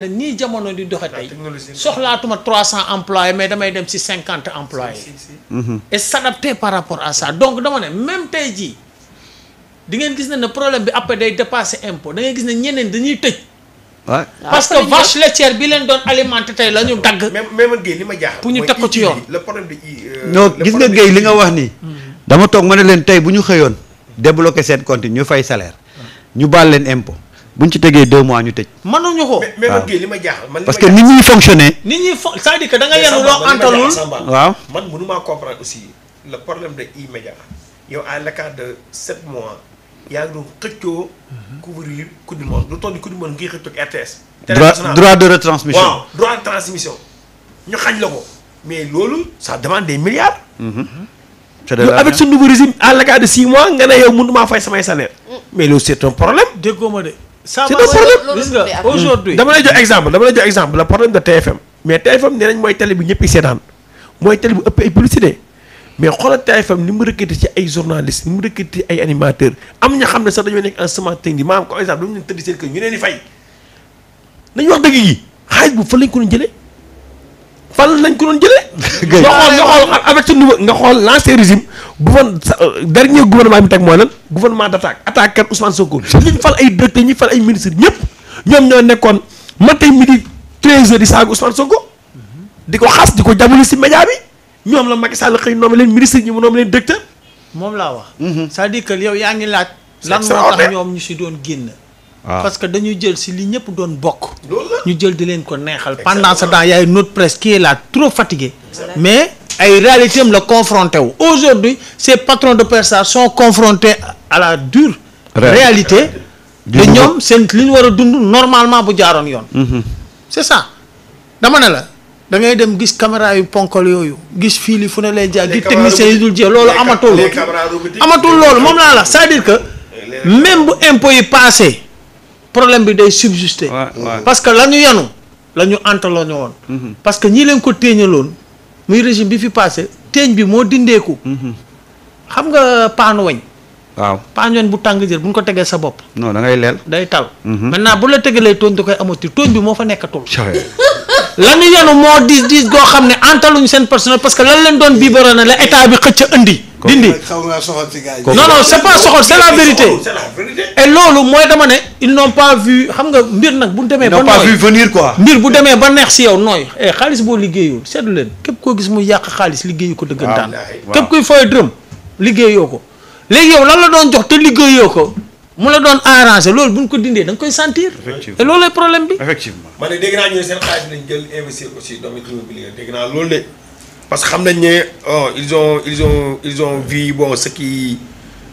ne nii jamono di doxe tey soxlaatuma trois cent employés mais damay dem ci cinquante employés mhm. et s'adapter par rapport à sa donc dama ne même tey jii di ngeen gis ne ne problème bi après day dépasser impo da ngay gis ne ñeneen dañuy tëj parce que vache laitière bi leen doon alimenté tey la ñu ah, dagg mais man Guèye li ma jaaxal pour ñu teg ko ci yoon le problème euh, gis nga géey li nga wax ni mm. dama toog ma ne leen tey bu ñu xëyoon débloqué seen compte ñu fay saleer mm. ñu baal leen impo bu buñ ci tegee deux mois ñu tëj. man kii li ma jaaxal man parce que nit ñuy fonctionner. nit ñuy fon c'est-à-dire que le problème de E-Media yow à mois yaa ngi doon xëccoo. couvrir coupe du monde lu toll ni coupe du monde ngi xëccoo ak RTS. droit droit de retransmission ñu xañ la ko mais loolu ça demande des milliards. Mhm. yow avec ce nouveau régime six mois nga ne yow mënumaa fay samay salaire mm. mais loolu c'est un problème. déggoo ma de. c'est un problème gis le problème de TFM mais TFM nee nañ mooy télé bi ñëpp seetaan mooy télé bu ëpp ay publicité mais xoolal TFM ni mu recruté ci ay journalistes ni mu recruté ay animateurs am ña xam ne sax dañoo nekk en semence technique maanaam comme exemple dañu tëdd seen kër ñu leen di fay nañu wax dëgg yi xaalis bu fa lañ ko doon jëlee fan lañ ko doon jëlee. nga xool nga xool avec ce nouveau nga xool l'ancien régime gouvernement euh, dernier gouvernement bi teg mooy lan gouvernement d'attaque attaque kan Ousmane Sonko. liñ fal ay directeurs ñi fal ay ministres ñëpp ñoom ñoo nekkoon matin midi 13h di saaga Ousmane Sonko. Mm-hmm. di ko xas di ko jàppale si média bi ñoom la Macky Sall xëy noom leen ministre ñi mu noom leen directeur. moom laa wax. Mm-hmm. c'est-à-dire que yow yaa ngi laaj. lan moo tax ñoom ñu si doon génn. waaw ah. parce que dañu jël si li ñëpp doon bokk. ñu jël di leen ko neexal. pendant ce temps y presque une autre presse trop fatiguée. mais ay réalité la confronté wu. aujourd'hui ces patrons de presse sont confrontés à la dure. réalité de ñoom seen li ñu war a dund normalement bu jaaroon yoon. Mhm. c'est ça dama ne la. da ngay dem gis caméra yu ponkal yooyu gis fii lii fu ne lay jaar gis techniciens yi dul jeex loolu amatul amatul loolu moom laa la cest dire que même bu impôt yi problème bi day subsister. parce que la ñu yanu la ñu antaloo ñu woon. Mm-hmm. parce que ñii leen ko téeñaloon muy régime bi fi passé téeñ bi moo dindeeku. Mm-hmm. xam nga paanu weñ. waaw paañoon bu tàng jër bu ñu ko tegee sa bopp. non da ngay leel day tal. Mm-hmm. maintenant bu la tegalee tooñ da koy amati tooñ bi moo fa nekk la ñu yanu moo diis diis goo xam ne antaluñ seen personnel parce que lan leen doon biberoon la état bi xëcc andi. dindi non non c'est pas soxol c'est la vérité et loolu mooy dama ne ils n'ont pas vu xam nga mbir nag bu demee ba nooy venir quoi mbir bu demee ba neex si yow nooy e xaalis boo liggéeyul seetlu leen képp koo gis mu yàq xaalis liggéeyu ko dëggantaan képp kuy fooy dërëm liggéeyoo ko léegi yow lan la doon jox te liggéeyoo ko mu la doon arrangé loolu bu ñu ko dindee da nga koy sentir. effectivement et loolu lay problème bi. jël investir aussi domaine immobilier dégg loolu de. parce que xam nañ ne oh ils ont ils ont ils ont vu bon ce qui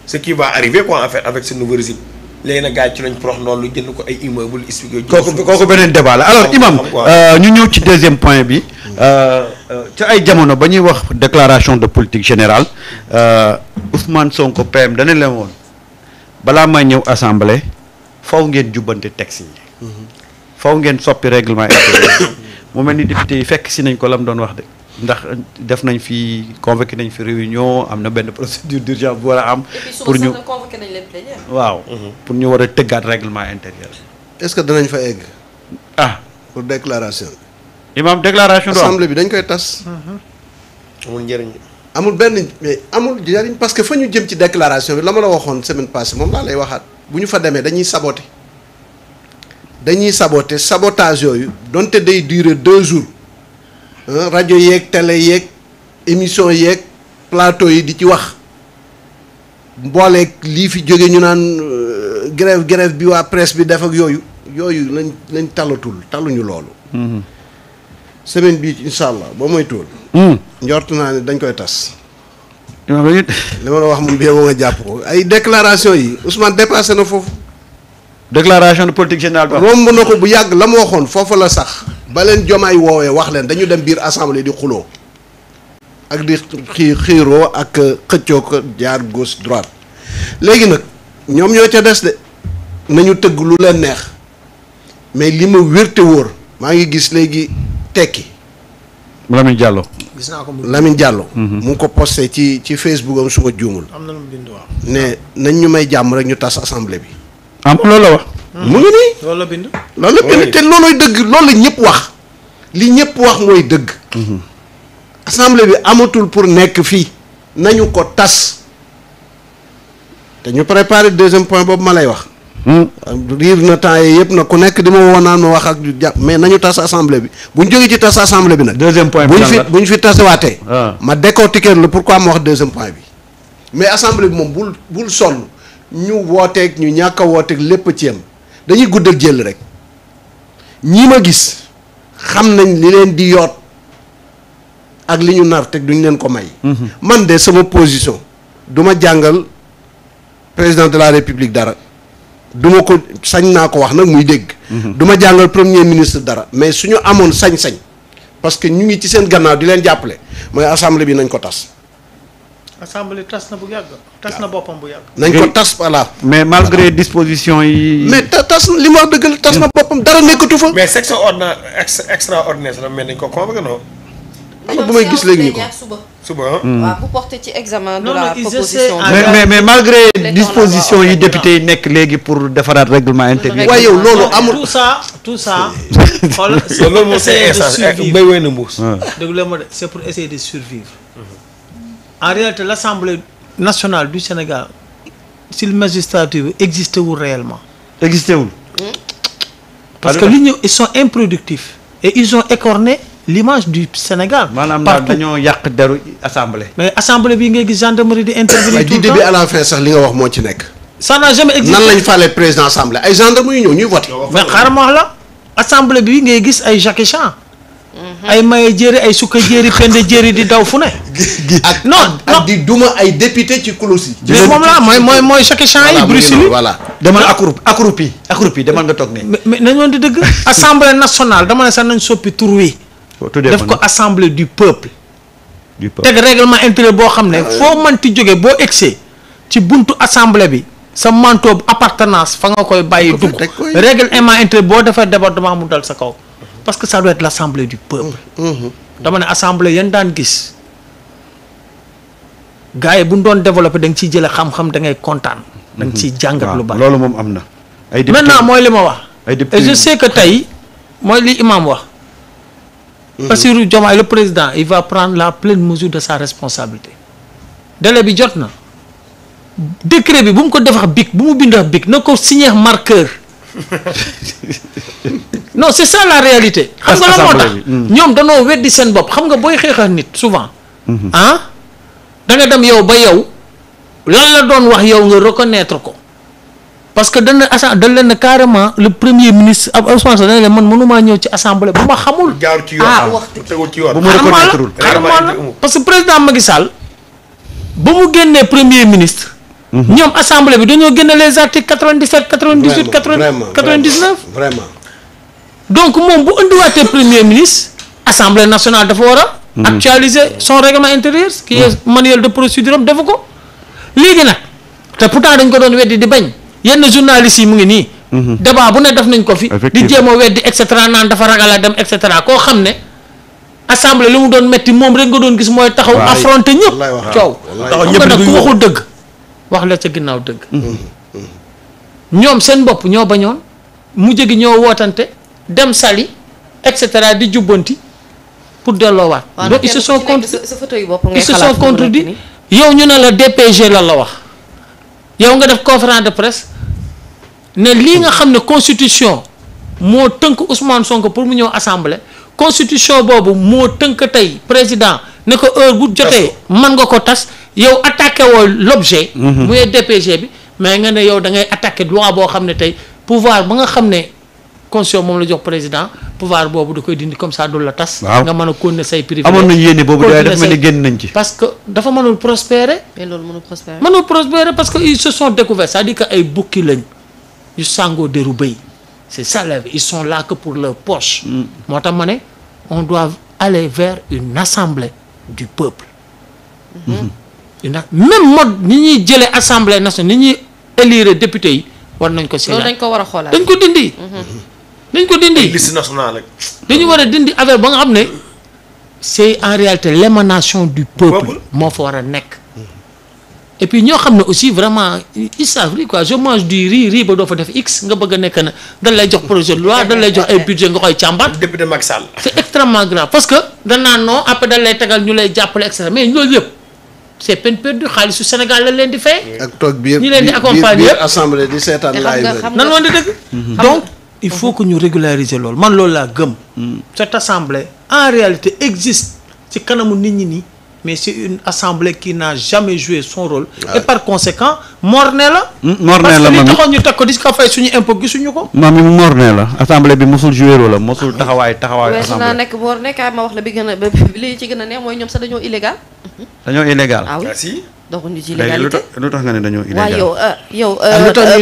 ce qui va arriver quoi affaire avec ce nouveau régime léegi nag gars yi ci lañ prox noonu lu jënd ko ay immeuble expliqué. kooku kooku beneen débat la alors imam euh, ñu ñëw ci deuxième point bi mm. euh, euh, ca ay jamono ba ñuy wax déclaration de politique général Ousmane Sonko PM dana leen woon balaa may ñëw assemblée faw ngeen jubbante texte yi. Mm-hmm. faw ngeen soppi règlement intérieur mu mel ni député yi fekk si nañ ko la mu doon wax de. ndax def nañ fi convoqué nañ fi réunion am na benn procédure d'urgence bu war a am. pour ñu convoqué waaw. Mhm. pour ñu war a tëggaat règlement intérieur. est-ce que danañ fa egg. ah pour déclaration. imam déclaration. do assemblée bi dañ koy tas. Mhm. amul njëriñ. amul benn mais amul njëriñ parce que fa ñu jëm ci déclaration bi la ma la waxoon semaine passée moom laa lay waxaat bu ñu fa demee dañuy saboter dañuy saboter sabotage yooyu donte day dure deux jours. Euh, rajo yeeg télé yeeg émission yeeg plateau yi di ci wax mbooleeg lii fi jóge ñu naan euh, grève grève bi waa presse bi def ak yooyu yooyu lañ lañ talatul taluñu loolu mhm. semaine bii incha allah ba mooy tuul hmm. njort naa ne dañ koy tas li ma la wax moom bi moo nga jàpp ko ay déclaration yi Ousmane dépassé na foofu déclaration de politique générale romb na ko bu yàgg la mu waxoon foofu la sax ba leen jomaay woowee wax leen dañu dem biir assemblée di xuloo ak di xii xiiroo ak xëccoo ko jaar gauche droite léegi nag ñoom ñoo ca des de nañu tëgg lu leen neex mais li ma wér wóor maa ngi gis léegi tekki. Lamine jàlloo gis naa ko Lamine Diallo. Mhm. mu ko posté ci ci Facebook am su ma juumul. am na lu mu bind ne nañ ñu may jàmm rek ñu tas assemblée bi. am ah, la wax. mu ngi nii. loolu la bind. loolu la bind te dëgg loolu la ñëpp wax li ñëpp wax mooy dëgg. Mhm. assemblée bi amatul pour nekk fii nañu ko tas te ñu préparé deuxième point boobu ma lay wax. Hmm. riir na temps yii yëpp ku nekk di ma woo naan ma wax ak mais nañu tas assemblée bi bu ñu jógee ci tas assemblée bi nag. deuxième point bu ñu fi bu ñu fi waatee ah. ma décortiquer la pourquoi ma wax deuxième point bi. mais assemblée bi moom bul bul sol ñu wooteeg ñu ñàkk a lépp ci yem dañuy guddal jël rek ñi ma gis xam nañ li leen di yoot ak li ñu nar teg duñ leen ko may. Mhm. man de sama position duma jàngal président de la république dara duma ko sañ naa ko wax nag muy dégg. Mhm. du ma jàngal premier ministre dara mais suñu amoon sañ-sañ parce que ñu ngi ci seen gannaaw di leen jàppale mooy assemblée bi nañ ko tas. assemblée tas na bu yàgg. tas na boppam bu yàgg. nañ tas voilà. mais malgré disposition yi. mais tas li ma wax tas na boppam dara nekkatu fa. mais section ordinaire extraordinaire la mais nañ ko convoqué noonu. bu may gis léegi ñu hmm. ko ci examen de la proposition. mais mais mais malgré disposition yi député yi nekk léegi pour defaraat règlement intérieur. waaye yow loolu amul tout ça tout ça. xool c'est pour c'est eh, na mbuus. déglu pour essayer de survivre. en réalité l' assemblée nationale du Sénégal si magistrature existe existé wul réellement. existé wul. parce que li ñu ils sont improductifs. et ils ont écorné l'image du Sénégal. maanaam daal dañoo yàq deru assemblée. mais assemblée bi nga gis gendarmerie di intervenir. tout le temps la fin sax li wax moo ci nekk. ça n'a jamais existé nan lañ fàlle président assemblée ay gendarmes yu ñëw ñuy voté. mais xaaral ma la assemblée bi ngay gis ay Jacques Chan. Mm-hmm. ay maye jëri ay sukka jëri pende jëri di daw fu ne. ak non ak di duma ay député ci kulus yi. mais moom la mooy mooy mooy chaque champ yi. Bruxelles yi voilà demal ah. accroupi accroupi accroupi demal nga toog ne. mais nañu woon di dëgg. assemblée nationale dama ne sax nañ soppi tur wi. Oh, def ko assemblée du peuple. du peuple teg règlement intérieur boo xam ne ah, foo mënti jóge boo egsee ci buntu assemble bi. sa manteau appartenance fa nga koy bàyyi dugg règlement intérieur boo defee débordement mu dal sa kaw. parce que ça doit être l'assemblée du peuple. dama ne assemblée yan daan gis gars yi bu ñu doon développé da nga ciy jëlee xam-xam da ngay kontaan. da ciy jàngat lu baax loolu moom am na. ay député mooy li ma wax. ay et je sais que tey mooy li imam wax. Mhm. Bassirou Diomaye le président il va prendre la pleine mesure de sa responsabilité. délai bi jot na. décret bi bu mu ko defax bic bu mu bindax bic na ko signer marqueur. non c'est ça la réalité. xam nga la moo tax hmm. ñoom danoo weddi seen bopp xam nga booy xeexal nit souvent. Hmm. ah da dem yow ba yow lan la doon wax yow nga reconnaître ko parce que dana assa dañ leen carrément le premier ministre ab Ousmane Sonko dana leen man mënumaa ñëw ci assemblée bu ma xamul. gaaw ci yoon ah ci yoon bu ma reconnaître parce que président Macky Sall ba mu génnee premier ministre. ñoom assemblée bi dañoo génne les articles 97 98 99 vraiment donc moom bu indiwaatee premier ministre assemblée nationale dafa war a mhm. actualiser son règlement intérieur qui est mhm. manuel de procédure am dafa ko léegi nag te pourtant dañ ko doon weddi di bañ yenn journalistes yi mu ngi nii mhm. débat bu ne def nañ ko fi di jéem a weddi et cetera naan dafa ragal dem et cetera koo xam ne assemblée li mu doon metti moom rek nga doon gis mooy taxaw affronter ñëpp coow xam nga nag ku waxul dëgg wax la ca ginnaaw dëgg. Mm-hmm. Mm-hmm. ñoom seen bopp ñoo bañoon mu gi ñoo wootante dem sali et cetera di jubbanti pour delloowaat. donc ils se sont contre ils se sont contredits yow ñu ne la DPG la la wax yow nga def conférence de presse ne lii nga xam ne constitution moo tënk Ousmane sonk pour mu ñëw assemblée constitution boobu moo tënk tey président ne ko heure bu jotee. mën nga ko tas. yow attaqué woo l'objet mhm. muy DPG bi mais nga ne yow da ngay attaqué loi boo xam ne tey pouvoir ba nga xam ne constitution moom la jox président pouvoir boobu da koy dindi comme ça du la tas. nga mën a continuer say privilèges. amoon nañu yéene boobu daal dafa mel ni génn nañ ci. parce que dafa mënul prospérer. mais loolu mënul prospérer. mënul prospérer parce que ils se sont découverts c'est-à-dire que ay bukki lañ yu sangoo deru béy c'est ça la ils sont là que pour leur poche. Mm. moo tax ma ne on doit aller vers une assemblée du peuple. Mhm. Mhm. ndax même mode ni ñuy jëlee assemblée nationale ni ñuy élire député yi war nañ ko. seelaat dañ ko war a xoolaat dañ ko dindi. Mhm. dañ ko dindi liste nationale rek. dañu war a dindi affaire ba nga xam ne c'est en réalité l'émanation du peuple moo fa war a nekk. et puis ñoo xam ne aussi vraiment ils savent quoi du riz riz ba doo fa def x nga bëgg nekk na dañ lay jox projet de loi dañ lay jox ay budget nga koy càmbar. député Macky c'est extrêmement grave parce que danaa non après dañ ñu lay jàppale et cetera c'est peine perdue xaalisu Sénégal lañ leen di fay. ak toog biir ñi leen di accompagner biir assemblée di seetaan laay nan woon di dëgg. il faut que ñu régulariser loolu man loolu laa gëm. Hmm. cette assemblée en réalité existe ci kanamu nit ñi nii mais c'est une assemblée qui n'a jamais joué son rôle. et par conséquent morne la. Hmm, morne la ko di ko fay ko. maam yi morne la assemblée bi mosul joué rôle la mosul ah. taxawaay taxawaay. assemblée weesu naa nekk morne kaay ma wax la a li ci a dañoo illégal. ah oui ah, donc ñu ci illégalité léegi lu tax nga ne dañoo illégal waaw